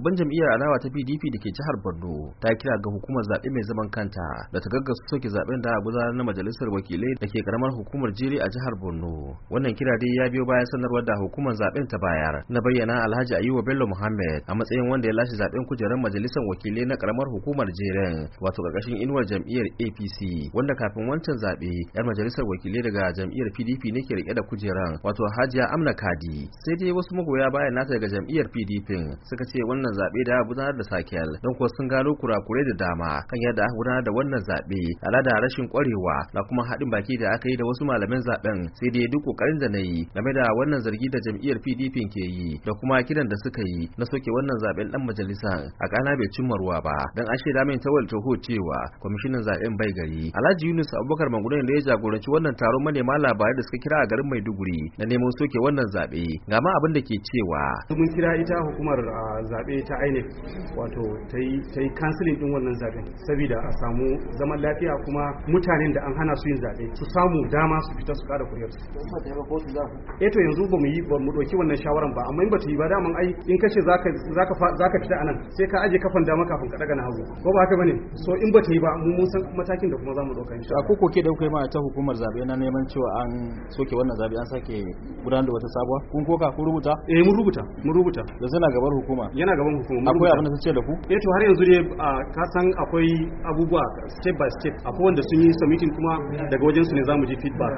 babban jam'iyyar alawa ta pdp da ke jihar borno ta kira ga hukumar zaɓe mai zaman kanta da ta gaggasa soke zaɓen da a gudanar na majalisar wakilai da ke karamar hukumar jere a jihar borno wannan kira dai ya biyo bayan sanarwar da hukumar zaɓen ta bayar na bayyana alhaji ayuba bello muhammad a matsayin wanda ya lashe zaɓen kujerar majalisar wakilai na karamar hukumar jeren wato ƙarƙashin inuwar jam'iyyar apc wanda kafin wancan zaɓe yar majalisar wakilai daga jam'iyyar pdp ne ke rike da kujerar wato hajiya amna kadi sai dai wasu magoya bayan nata daga jam'iyyar pdp suka ce wannan wannan zabe da gudanar da sakel don kuwa sun gano kurakurai da dama kan yadda aka gudanar da wannan zabe ala da rashin kwarewa na kuma haɗin baki da aka yi da wasu malaman zaben sai dai duk kokarin da na yi game da wannan zargi da jam'iyyar pdp ke yi da kuma kiran da suka yi na soke wannan zaben dan majalisan a kana bai cimma ruwa ba don an shaida min tawal ho cewa kwamishinan zaben bai gari alhaji yunus abubakar mangunan da ya jagoranci wannan taron manema labarai da suka kira a garin maiduguri na neman soke wannan zaɓe ga ma abin da ke cewa mun kira ita hukumar ah, zabe ta INEC wato ta yi kansilin din wannan zaben saboda a samu zaman lafiya kuma mutanen da an hana su yin zaɓe su samu dama su fita su kada kuriyar su eh to yanzu ba mu yi ba mu ɗauki wannan shawaran ba amma in ba ta yi ba daman ai in kashe za ka fita anan sai ka aje kafan dama kafin ka daga na hagu ko ba haka bane so in ba ta yi ba mu mun san matakin da kuma zamu doka insha A ko ke da yi ma ta hukumar zaɓe na neman cewa an soke wannan zaɓe an sake gudanar da wata sabuwa kun koka kun rubuta eh mun rubuta mun rubuta yanzu na gabar hukuma yana gaban gaban akwai abin da sun ce da ku eh to har yanzu dai ka san akwai abubuwa step by step akwai wanda sun yi submitting kuma daga wajen su ne zamu ji feedback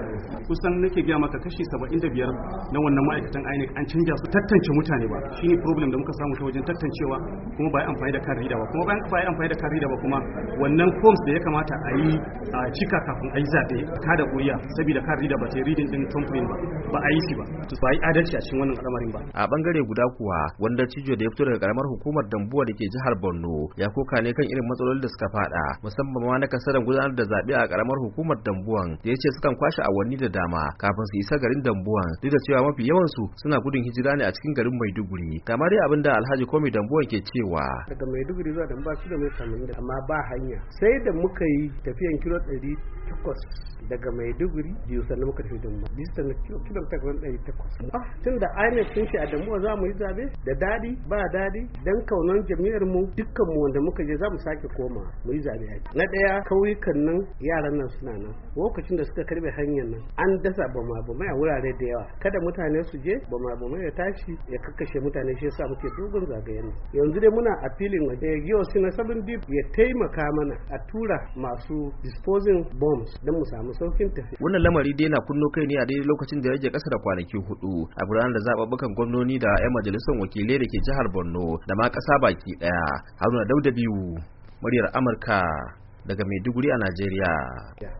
kusan nake ga maka kashi 75 na wannan ma'aikatan INEC an canja su tantance mutane ba shine problem da muka samu ta wajen tantancewa kuma ba amfani da kan rida ba kuma ba amfani da kan rida ba kuma wannan forms da ya kamata a yi a cika kafin a yi zaɓe ka da kuriya saboda kan rida ba ta reading din complaint ba ba a yi shi ba ba yi adalci a cikin wannan al'amarin ba a bangare guda kuwa wanda cijo da ya fito daga karamar kamar hukumar Dambuwa da ke jihar Borno ya koka ne kan irin matsalolin da suka fada musamman ma na kasaran gudanar da zabe a karamar hukumar Dambuwan da yace sukan kwashe awanni da dama kafin su isa garin Dambuwan duk da cewa mafi yawan su suna gudun hijira ne a cikin garin Maiduguri kamar dai abinda Alhaji Komi Dambuwan ke cewa daga Maiduguri zuwa Dambuwa kilomita 80 amma ba hanya sai da muka yi tafiyan kilo 100 takwas daga maiduguri biyu sannan muka tafi dumma distan na kilomita kamar ɗari takwas ah. tun da ainihin sun ce a damuwa za mu yi zabe da dadi ba dadi dan kaunan jami'ar mu dukkan mu wanda muka je za mu sake koma mu yi zabe na ɗaya kauyukan nan yaran nan suna nan lokacin da suka karbe hanyar nan an dasa bama bama a wurare da yawa kada mutane su je bama bama ya tashi ya kakkashe mutane shi yasa muke dogon zagayen yanzu dai muna a filin waje yau na sabin ya taimaka mana a tura masu disposing bomb don mu samu saukin tafi wannan lamari dai na kunno kai ne a daidai lokacin da rage kasa da kwanaki hudu a gudanar da zababbukan gwamnoni da 'yan majalisar wakilai da ke jihar borno da ma kasa baki daya haruna dauda biyu muryar amurka daga maiduguri a najeriya